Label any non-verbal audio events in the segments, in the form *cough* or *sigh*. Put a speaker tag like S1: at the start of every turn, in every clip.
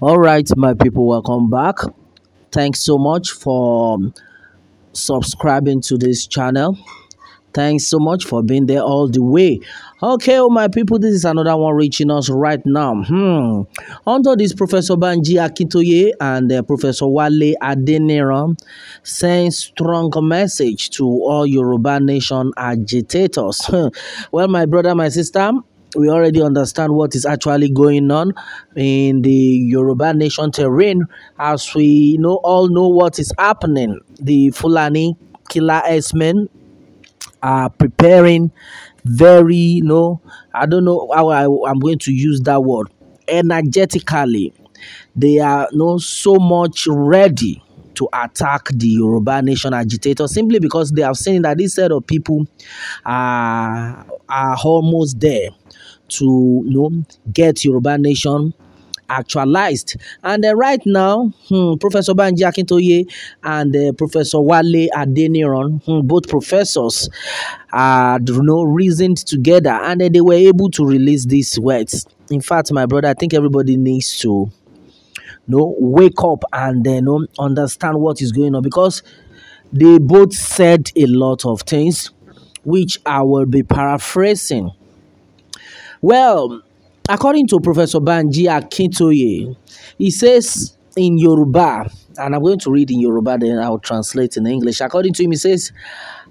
S1: all right my people welcome back thanks so much for um, subscribing to this channel thanks so much for being there all the way okay oh my people this is another one reaching us right now hmm under this professor banji akintoye and uh, professor wale adeniran sends strong message to all yoruba nation agitators *laughs* well my brother my sister we already understand what is actually going on in the Yoruba nation terrain as we know all know what is happening. The Fulani killer S-men are preparing very you know I don't know how I, I'm going to use that word energetically. They are you know, so much ready to attack the Yoruba nation agitator simply because they have seen that this set of people are, are almost there to you know get Yoruba nation actualized. And uh, right now, hmm, Professor Banji Akintoye and uh, Professor Wale Adeniran, hmm, both professors, had you know, reasoned together and uh, they were able to release these words. In fact, my brother, I think everybody needs to know, wake up and then uh, understand what is going on because they both said a lot of things which I will be paraphrasing. Well, according to Professor Banji Akintoye, he says in Yoruba, and I'm going to read in Yoruba, then I'll translate in English. According to him, he says,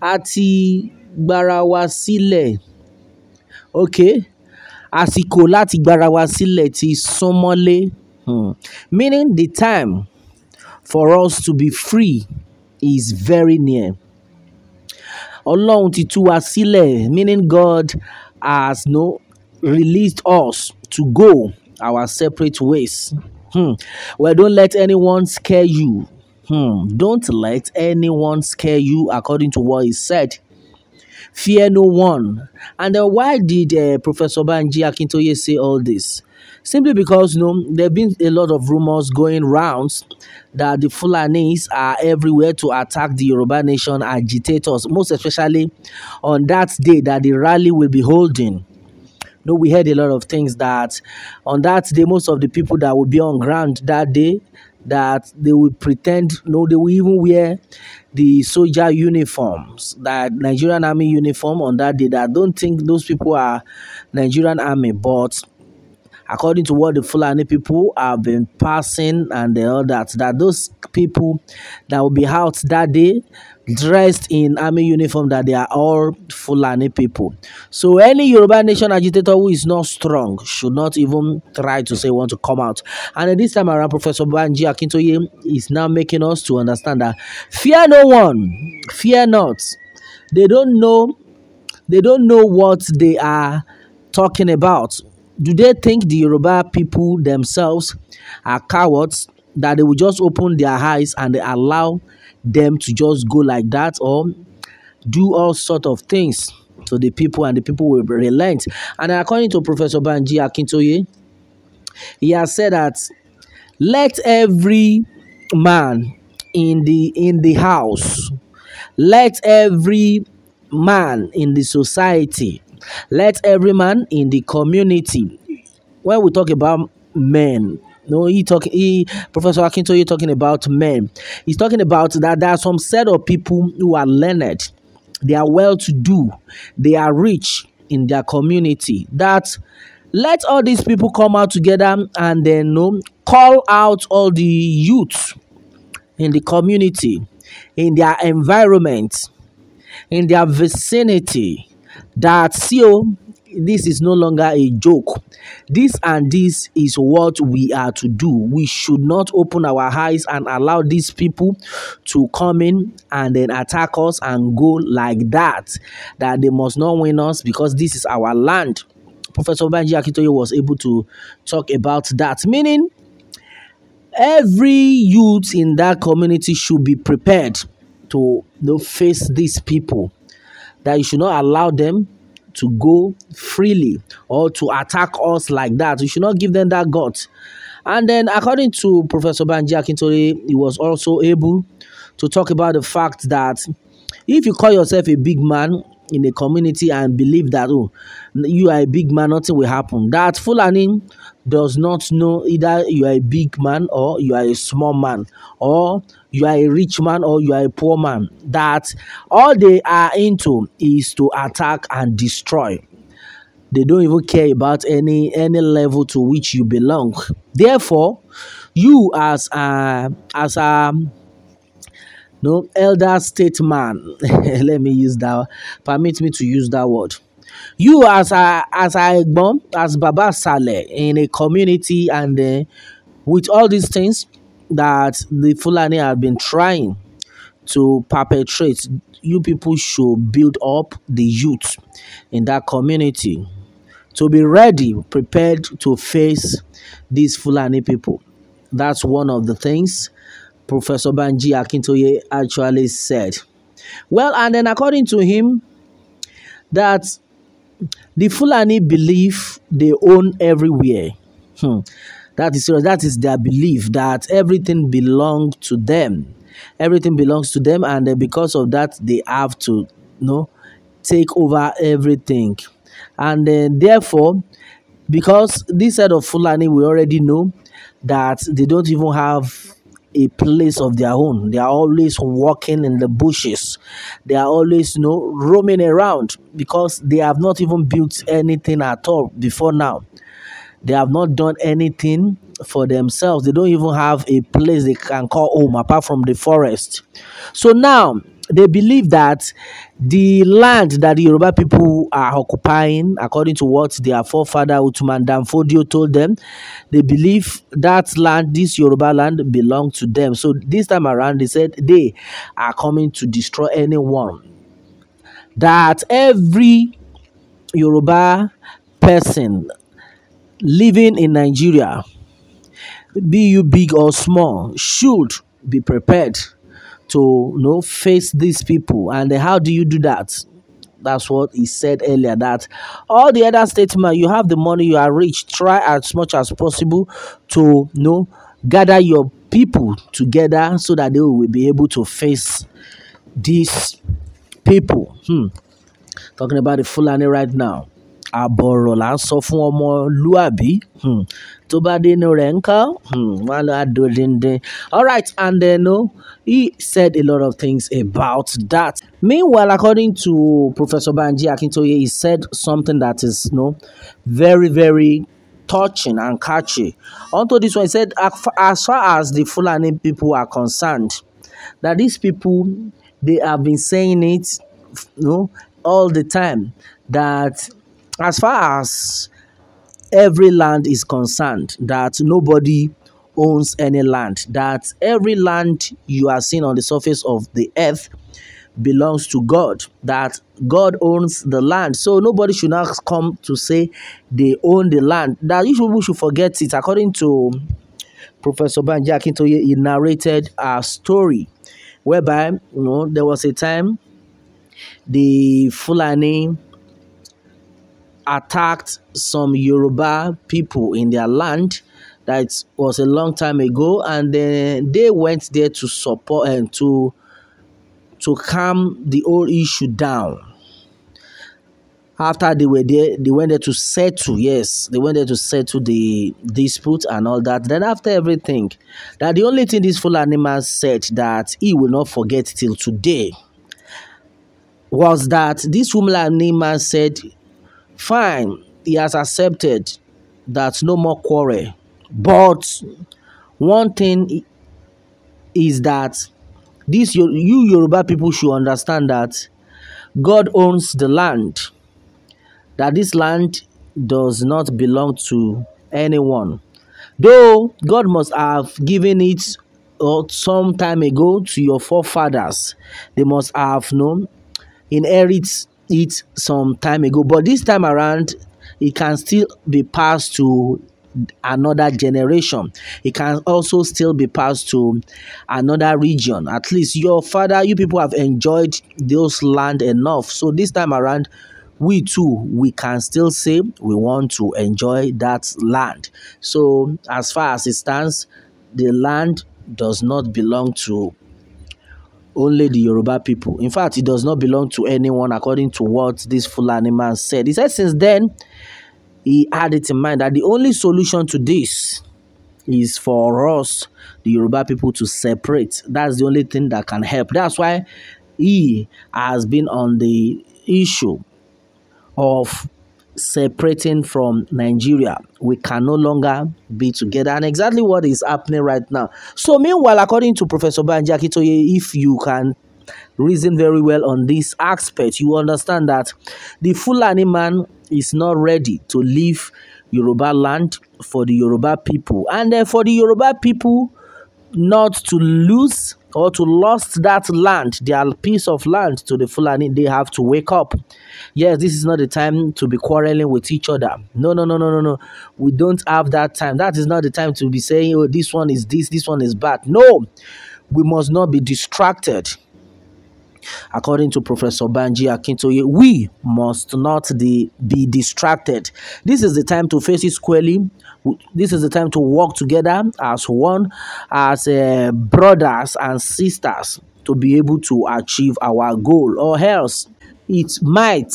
S1: Ati Barawasile. Okay. Asiko lati Barawasile ti Somole. Hmm. Meaning the time for us to be free is very near. Ọlọ́run ti tú wa sílẹ̀ meaning God has no released us to go our separate ways. Hmm. Well, don't let anyone scare you. Hmm. Don't let anyone scare you according to what is said. Fear no one. And why did uh, Professor Banji Akintoye say all this? Simply because you know, there have been a lot of rumors going rounds that the Fulanis are everywhere to attack the Yoruba nation agitators, most especially on that day that the rally will be holding Though we heard a lot of things that on that day, most of the people that will be on ground that day, that they will pretend, you no, know, they will even wear the soldier uniforms, that Nigerian army uniform on that day. That I don't think those people are Nigerian army, but according to what the Fulani people have been passing and all that, that those people that will be out that day dressed in army uniform that they are all Fulani people. So any Yoruba nation agitator who is not strong should not even try to say want to come out. And this time around, Professor Banji Akintoye is now making us to understand that fear no one, fear not. They don't know, they don't know what they are talking about do they think the Yoruba people themselves are cowards that they will just open their eyes and they allow them to just go like that or do all sort of things to the people and the people will relent? And according to Professor Banji Akintoye, he has said that let every man in the in the house let every man in the society let every man in the community, when we talk about men, no, he talk he Professor Akintoye talking about men. He's talking about that there are some set of people who are learned, they are well to do, they are rich in their community. That let all these people come out together and then you know, call out all the youth in the community, in their environment, in their vicinity, that CO, this is no longer a joke. This and this is what we are to do. We should not open our eyes and allow these people to come in and then attack us and go like that. That they must not win us because this is our land. Professor Banji Akitoye was able to talk about that, meaning every youth in that community should be prepared to you know, face these people that you should not allow them to go freely or to attack us like that. You should not give them that gut. And then, according to Professor Banji today, he was also able to talk about the fact that if you call yourself a big man in a community and believe that oh you are a big man nothing will happen that fulani does not know either you are a big man or you are a small man or you are a rich man or you are a poor man that all they are into is to attack and destroy they don't even care about any any level to which you belong therefore you as a uh, as a um, no elder statesman *laughs* let me use that permit me to use that word you as a as a egbon as baba saleh in a community and uh, with all these things that the fulani have been trying to perpetrate you people should build up the youth in that community to be ready prepared to face these fulani people that's one of the things Professor Banji Akintoye actually said. Well, and then according to him, that the Fulani believe they own everywhere. Hmm. That is that is their belief that everything belongs to them. Everything belongs to them, and because of that, they have to you know take over everything. And therefore, because this side of Fulani, we already know that they don't even have a place of their own. They are always walking in the bushes. They are always, you know, roaming around because they have not even built anything at all before now. They have not done anything for themselves. They don't even have a place they can call home apart from the forest. So now they believe that the land that the Yoruba people are occupying, according to what their forefather Uthman Fodio told them, they believe that land, this Yoruba land, belongs to them. So this time around, they said they are coming to destroy anyone. That every Yoruba person living in Nigeria, be you big or small, should be prepared to you know face these people and how do you do that that's what he said earlier that all the other statement you have the money you are rich try as much as possible to you know gather your people together so that they will be able to face these people hmm. talking about the fulani right now ààbọ̀ ọ̀rọ̀ là ń sọ fún ọmọlúàbí um, tó bá dénú rẹ̀ ńkọ́ um, hmm, wọ́n lọ́ọ́ dodindin. all right and then uh, he said a lot of things about that. meanwhile according to professor banji akintoye he said something that is you know, very very touching and catchy. Onto this one, he said, as far as the Fulani people are concerned, that these people, they have been saying it you know, all the time, that as far as every land is concerned, that nobody owns any land, that every land you are seeing on the surface of the earth belongs to God, that God owns the land. So nobody should not come to say they own the land. That you we should forget it. According to Professor Banja Akintoye, he narrated a story whereby you know there was a time the Fulani attacked some Yoruba people in their land. That was a long time ago, and then they went there to support and eh, to to calm the whole issue down. After they were there, they went there to settle. Yes, they went there to settle the dispute and all that. Then after everything, that the only thing this full animal said that he will not forget till today was that this woman Neiman said Fine, he has accepted that no more quarrel. But one thing is that this you Yoruba people should understand that God owns the land. That this land does not belong to anyone. Though God must have given it uh, some time ago to your forefathers, they must have known inherit it some time ago but this time around it can still be passed to another generation it can also still be passed to another region at least your father you people have enjoyed those land enough so this time around we too we can still say we want to enjoy that land so as far as it stands the land does not belong to only the Yoruba people. In fact, it does not belong to anyone, according to what this Fulani man said. He said since then, he had it in mind that the only solution to this is for us, the Yoruba people, to separate. That's the only thing that can help. That's why he has been on the issue of separating from Nigeria. We can no longer be together. And exactly what is happening right now. So meanwhile, according to Professor Banja Kitoye, if you can reason very well on this aspect, you understand that the Fulani man is not ready to leave Yoruba land for the Yoruba people. And uh, for the Yoruba people not to lose or to lost that land, their piece of land to the Fulani, they have to wake up. Yes, this is not the time to be quarreling with each other. No, no, no, no, no, no. We don't have that time. That is not the time to be saying, oh, this one is this, this one is bad. No, we must not be distracted. According to Professor Banji Akintoye, we must not de- be distracted. This is the time to face it squarely. This is the time to work together as one, as uh, brothers and sisters to be able to achieve our goal, or else it might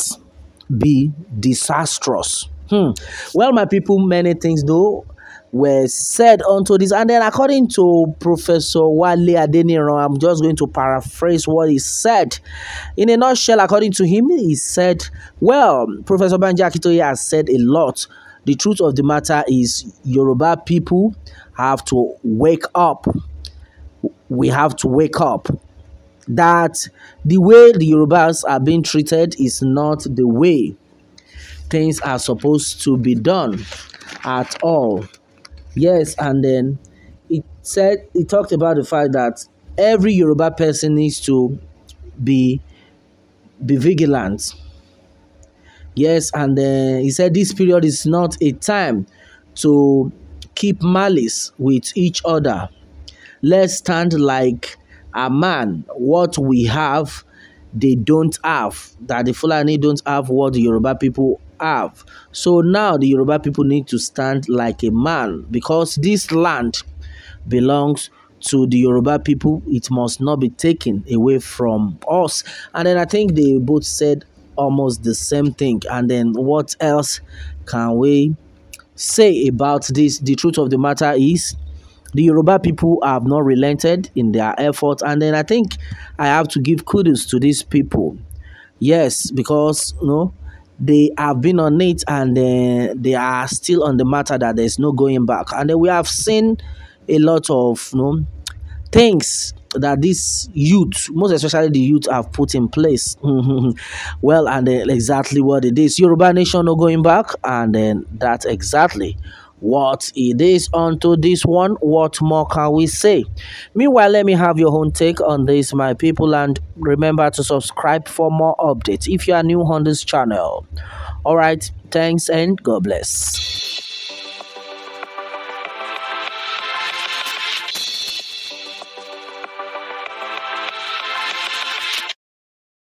S1: be disastrous. Hmm. Well, my people, many things though were said unto this. And then, according to Professor Wale Adeniran, I'm just going to paraphrase what he said. In a nutshell, according to him, he said, Well, Professor Banja Akitoye has said a lot. The truth of the matter is, Yoruba people have to wake up. We have to wake up. That the way the Yorubas are being treated is not the way things are supposed to be done at all. Yes, and then it said it talked about the fact that every Yoruba person needs to be be vigilant. Yes, and then he said this period is not a time to keep malice with each other. Let's stand like a man. What we have, they don't have. That the Fulani don't have what the Yoruba people have. So now the Yoruba people need to stand like a man because this land belongs to the Yoruba people. It must not be taken away from us. And then I think they both said almost the same thing. And then what else can we say about this? The truth of the matter is the Yoruba people have not relented in their effort. And then I think I have to give kudos to these people. Yes, because you know they have been on it and uh, they are still on the matter that there's no going back. And we have seen a lot of you know, things that these youth, most especially the youth, have put in place. *laughs* well, and uh, exactly what it is. Yoruba Nation no going back, and then that's exactly what it is unto this one, what more can we say? Meanwhile, let me have your own take on this, my people, and remember to subscribe for more updates if you are new on this channel. Alright, thanks and God bless.